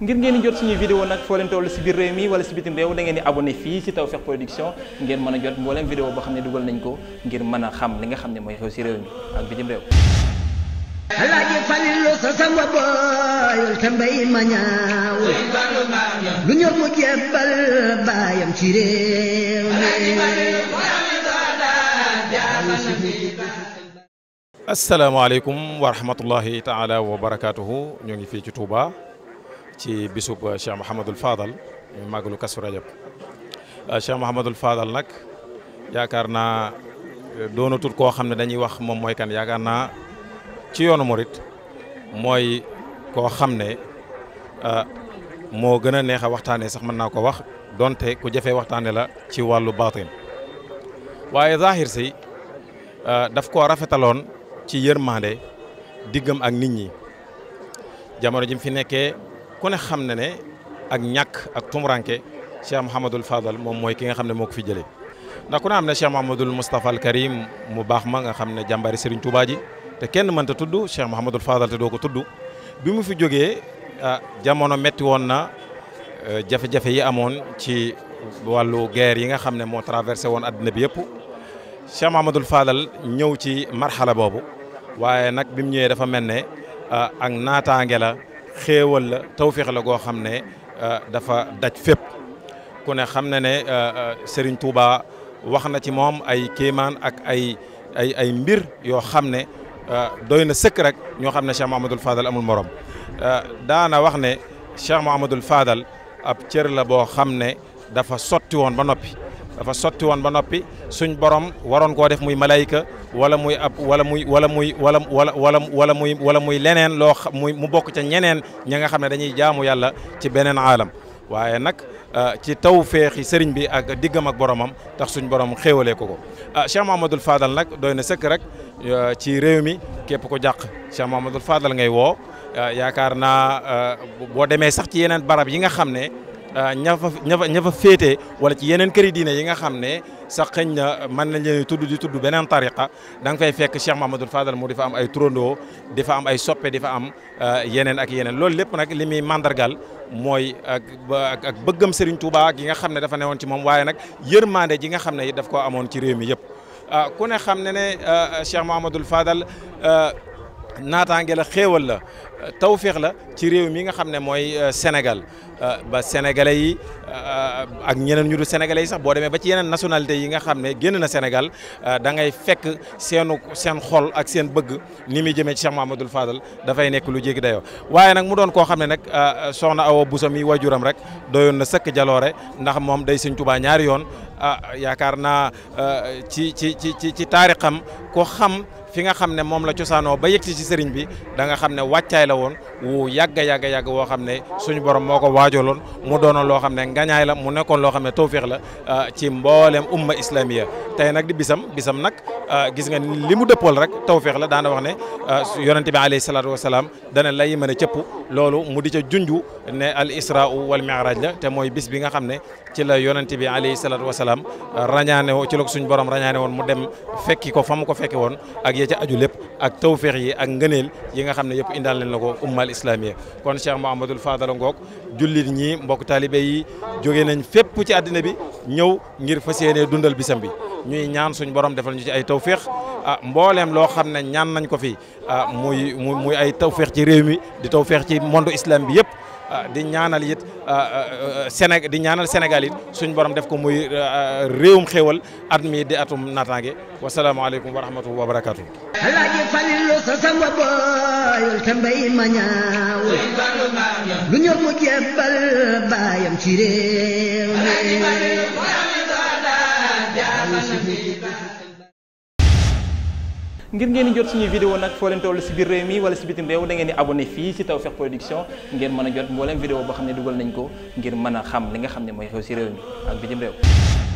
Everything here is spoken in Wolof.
ngir ngeen jot suñuy vidéo nag foo leen toll si biir réew mi wala si bitim réew da ngeen di abonné fii si Tawfekh Production ngeen mën a jot mbooleem vidéo boo xam ne dugal nañ ko ngir mën a xam li nga xam ne mooy xew si réew mi ak bitim réew alaaji Falilu sa sama booyul te mbay ma ñaaw lu ñor mu jebbal wa rahmatullahi taala ñoo ngi fii ci Touba ci bisub uh, Cheikh Mouhamadul Fadal ñu màggalu Kazu Rajab uh, Cheikh Mouhamadul Fadal nag yaakaar naa uh, doonatut koo xam ne dañuy wax moom mooy kan yaakaar naa ci yoonu morit mooy koo xam ne moo gën a neex waxtaanee sax mën naa ko wax donte ku jafee waxtaane la ci wàllu baatin waaye zahir si daf koo rafetaloon ci yërmande diggam ak nit ñi jamono ji mu fi nekkee. ku ne xam na ne ak ñàkk ak tumuranke Cheikh Mouhamadul Fadal moom mooy ki nga xam ne moo ko fi jëlee ndax ku ne xam ne Cheikh Mouhamadul Moustapha al Karim mu baax ma nga xam ne jàmbari Serigne Touba ji te kenn mënta tudd Cheikh Mouhamadul Fadal te doo ko tudd bi mu fi jógee ah, jamono métti woon na euh, jafe-jafe yi amoon ci wàllu guerre yi nga xam ne moo traversé woon addina bi yëpp Cheikh Mouhamadul Fadal ñëw ci marxala boobu waaye nag bi mu ñëwee dafa mel ne ah, ak naataange xéewal la tawféex la goo xam ne euh, dafa daj fépp ku ne xam ne ne euh, euh, Serigne Touba wax na ci moom ay kéemaan ak ay ay mbir yoo xam ne doy na sëkk rek ñoo xam ne Cheikh Mouhamadoul Fadal amul morom daana wax ne Cheikh Mouhamadoul Fadal ab cër la boo xam ne dafa sotti woon ba noppi dafa sotti woon ba noppi suñ borom waroon koo def muy malayka wala muy ab wala muy wala muy wala wala wala wala muy wala muy leneen loo muy mu bokk ca ñeneen ña nga xam ne dañuy jaamu yàlla ci beneen aalam waaye nag ah, ci taw feexi sëriñ bi ak diggam ak boromam tax suñ borom xéewalee ko ko ah Cheikh Mahamadul Fadal nag doy na sëkk rek ah, ci réew mi képp ko jàq Cheikh Mahamadul Fadal ngay woo ah, yaakaar naa boo demee sax ci yeneen barab yi nga xam ne. Euh, ña fa ña fa ña fa féete wala ci yeneen këri diine yi nga xam ne sax xëñ na mën nañ leen tudd di tudd beneen tariqa da nga fay fekk Cheikh Mahamadul Fadal mu di fa am ay turandoo di fa am ay soppe di fa am euh, yeneen ak yeneen loolu lépp nag li muy mandargal mooy ak ak bëggam Serigne Touba gi nga xam ne dafa newoon ci moom waaye nag yërmande ji nga xam ne it daf koo amoon ci réew mi yëpp euh, ku ne xam ne ne Cheikh Mahamadul Fadal naataange la xéewal la tawféex la ci réew mi nga xam ne mooy euh, Sénégal euh, ba sénégalais yi euh, ak ñeneen ñu du sénégalais yi sax boo demee ba ci yeneen nationalité yi nga xam ne génn na Sénégal dangay fekk seenu seen xol ak seen bëgg ni muy jëmee ci Cheikh Mahamadou Fadal dafay nekk lu jéggi dayo waaye nag mu doon koo xam ne nag soxna Awa Bousso mi wajuram rek doyoon na sëkk jaloore ndax moom day Sëñ Tuubaa ñaari yoon ah yaakaar naa eh, ci ci ci ci ci taarixam ko xam fi nga xam ne moom la cosaanoo ba yegsi ci sëriñ bi da nga xam ne wàccaay la woon wu yàgga yàgga yàgg woo xam ne suñu borom moo ko waajoo loon mu doonoon loo xam ne ngañaay la mu nekkoon loo xam ne tawfiix la eh, ci mboolem umma islamiya tey nag di bisam bisam nag eh, gis nga ni li mu dëppool rek tawfiix la daana wax ne yonente bi alayhi salaatu wasalaam dana la mën a cëpp loolu mu di ca junju ne al isra wal mi'raj la te mooy bis bi nga xam ne ci la yonente bi salaam rañaane ci la ko suñu borom rañaane woon mu dem fekki ko fa mu ko fekki woon ak ya aju lépp ak tawféex yi ak ngëneel yi nga xam ne yëpp indaal leen na ko ummal islamiya kon Cheikh Mouhamadoul Fadal ngoog jullit ñi mbokk taalibe yi jóge nañ fépp ci àddina bi ñëw ngir fas yéenee dundal bisam bi ñuy ñaan suñu borom defal ñu ci ay tawféex ah mbooleem loo xam ne ñaan nañ ko fi ah muy muy ay tawféex ci réew mi di tawféex ci monde islam bi yëpp Ah, di ñaanal it ah, ah, Séné di ñaanal Sénégal it suñ borom def ko muy réewum xéewal at mi di atum naataange wasalaamaaleykum wa rahmatulah wa barakaatu. alaaji falilu sa sama booyul te mbay ma ñaaw lu ñor mu jébbal baayam ci réew ngir ngeen di jot suñuy vidéo nag foo leen toll si biir réew mi wala si bitim réew da ngeen di abonné fii si Tawfekh Production ngeen mën a jot mbooleem vidéo boo xam ne dugal nañ ko ngir mën a xam li nga xam ne mooy xew si réew mi ak bitim réew